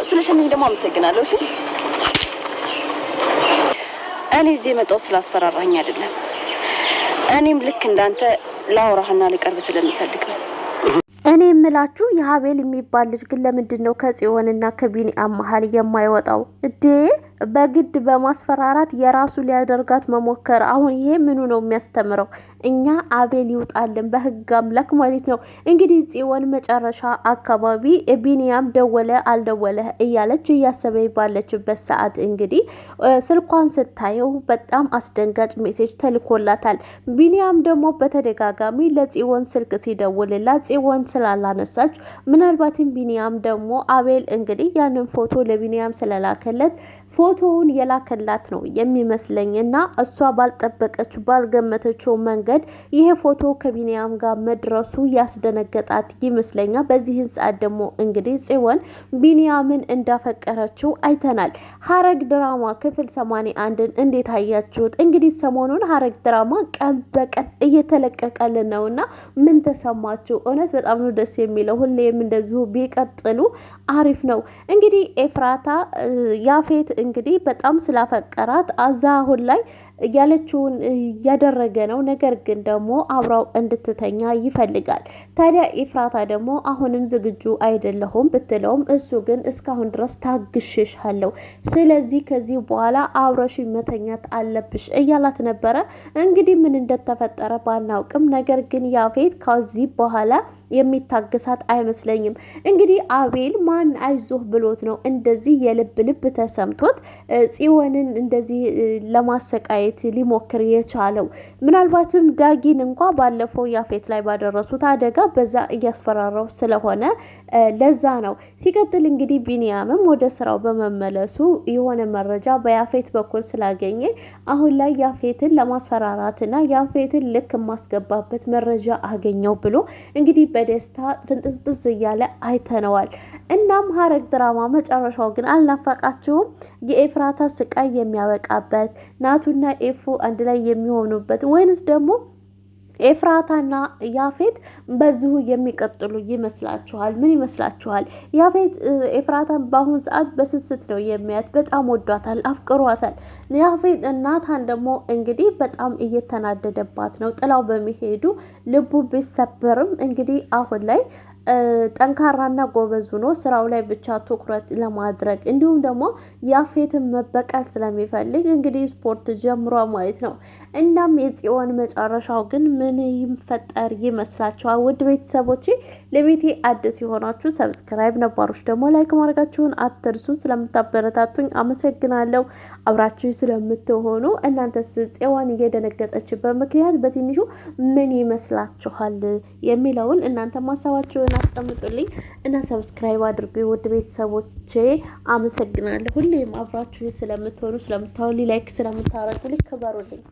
አመሰግናለሁ። ስለሸኘኝ ደግሞ አመሰግናለሁ። እሺ እኔ እዚህ የመጣሁት ስላስፈራራኝ አይደለም። እኔም ልክ እንዳንተ ላውራህና ልቀርብ ስለሚፈልግ ነው። እኔ የምላችሁ የሀቤል የሚባል ልጅ ግን ለምንድን ነው ከጽዮንና ከቢኒያም መሀል የማይወጣው? እዴ በግድ በማስፈራራት የራሱ ሊያደርጋት መሞከር። አሁን ይሄ ምኑ ነው የሚያስተምረው? እኛ አቤል ይውጣልን በህግ አምላክ ማለት ነው። እንግዲህ ጽዮን መጨረሻ አካባቢ ቢኒያም ደወለ አልደወለ እያለች እያሰበ ባለችበት ሰዓት እንግዲህ ስልኳን ስታየው በጣም አስደንጋጭ ሜሴጅ ተልኮላታል። ቢኒያም ደግሞ በተደጋጋሚ ለጽዮን ስልክ ሲደውልላት ጽዮን ስላላነሳች ምናልባትም ቢኒያም ደግሞ አቤል እንግዲህ ያንን ፎቶ ለቢኒያም ስለላከለት ፎቶውን የላከላት ነው የሚመስለኝ እና እሷ ባልጠበቀችው ባልገመተችው መንገድ ይሄ ፎቶ ከቢኒያም ጋር መድረሱ ያስደነገጣት ይመስለኛል። በዚህን ሰዓት ደግሞ እንግዲህ ጽዮን ቢኒያምን እንዳፈቀረችው አይተናል። ሀረግ ድራማ ክፍል ሰማንያ አንድን እንዴት አያችሁት? እንግዲህ ሰሞኑን ሀረግ ድራማ ቀን በቀን እየተለቀቀልን ነው እና ምን ተሰማችሁ? እውነት በጣም ነው ደስ የሚለው። ሁሌም እንደዚሁ ቢቀጥሉ አሪፍ ነው። እንግዲህ ኤፍራታ ያፌት እንግዲህ በጣም ስላፈቀራት አዛ አሁን ላይ ያለችውን እያደረገ ነው። ነገር ግን ደግሞ አብራው እንድትተኛ ይፈልጋል። ታዲያ ኢፍራታ ደግሞ አሁንም ዝግጁ አይደለሁም ብትለውም እሱ ግን እስካሁን ድረስ ታግሽሻለሁ፣ ስለዚህ ከዚህ በኋላ አብረሽ መተኛት አለብሽ እያላት ነበረ። እንግዲህ ምን እንደተፈጠረ ባናውቅም ነገር ግን ያፌት ከዚህ በኋላ የሚታገሳት አይመስለኝም። እንግዲህ አቤል ማን አይዞህ ብሎት ነው እንደዚህ የልብ ልብ ተሰምቶት ጽዮንን እንደዚህ ለማሰቃየት ለማየት ሊሞክር የቻለው ምናልባትም ዳጊን እንኳ ባለፈው ያፌት ላይ ባደረሱት አደጋ በዛ እያስፈራራው ስለሆነ ለዛ ነው። ሲቀጥል እንግዲህ ቢንያምም ወደ ስራው በመመለሱ የሆነ መረጃ በያፌት በኩል ስላገኘ አሁን ላይ ያፌትን ለማስፈራራትና ያፌትን ልክ የማስገባበት መረጃ አገኘው ብሎ እንግዲህ በደስታ ፍንጥዝጥዝ እያለ አይተነዋል። እናም ሀረግ ድራማ መጨረሻው ግን አልናፈቃችሁም? የኤፍራታ ስቃይ የሚያበቃበት ናቱና ኤፉ አንድ ላይ የሚሆኑበት ወይንስ ደግሞ ኤፍራታና ያፌት በዚሁ የሚቀጥሉ ይመስላችኋል? ምን ይመስላችኋል? ያፌት ኤፍራታን በአሁኑ ሰዓት በስስት ነው የሚያት። በጣም ወዷታል፣ አፍቅሯታል። ያፌት እናታን ደግሞ እንግዲህ በጣም እየተናደደባት ነው ጥላው በሚሄዱ ልቡ ቢሰበርም እንግዲህ አሁን ላይ ጠንካራና ጎበዝ ሆኖ ስራው ላይ ብቻ ትኩረት ለማድረግ እንዲሁም ደግሞ ያፌትን መበቀል ስለሚፈልግ እንግዲህ ስፖርት ጀምሯ ማለት ነው። እናም የጽዮን መጨረሻው ግን ምን ይፈጠር ይመስላችኋል? ውድ ቤተሰቦቼ ለቤቴ አዲስ የሆናችሁ ሰብስክራይብ፣ ነባሮች ደግሞ ላይክ ማድረጋችሁን አትርሱ። ስለምታበረታቱኝ አመሰግናለሁ። አብራችሁ ስለምትሆኑ እናንተስ ጽዮን እየደነገጠችበት ምክንያት በትንሹ ምን ይመስላችኋል የሚለውን እናንተ ማሰባችሁን ሀሳቡን አስቀምጡልኝ እና ሰብስክራይብ አድርጉ። ውድ ቤተሰቦቼ አመሰግናለሁ። ሁሌም አብራችሁ ስለምትሆኑ ስለምታወሉ፣ ላይክ ስለምታረጉልኝ ክበሩልኝ።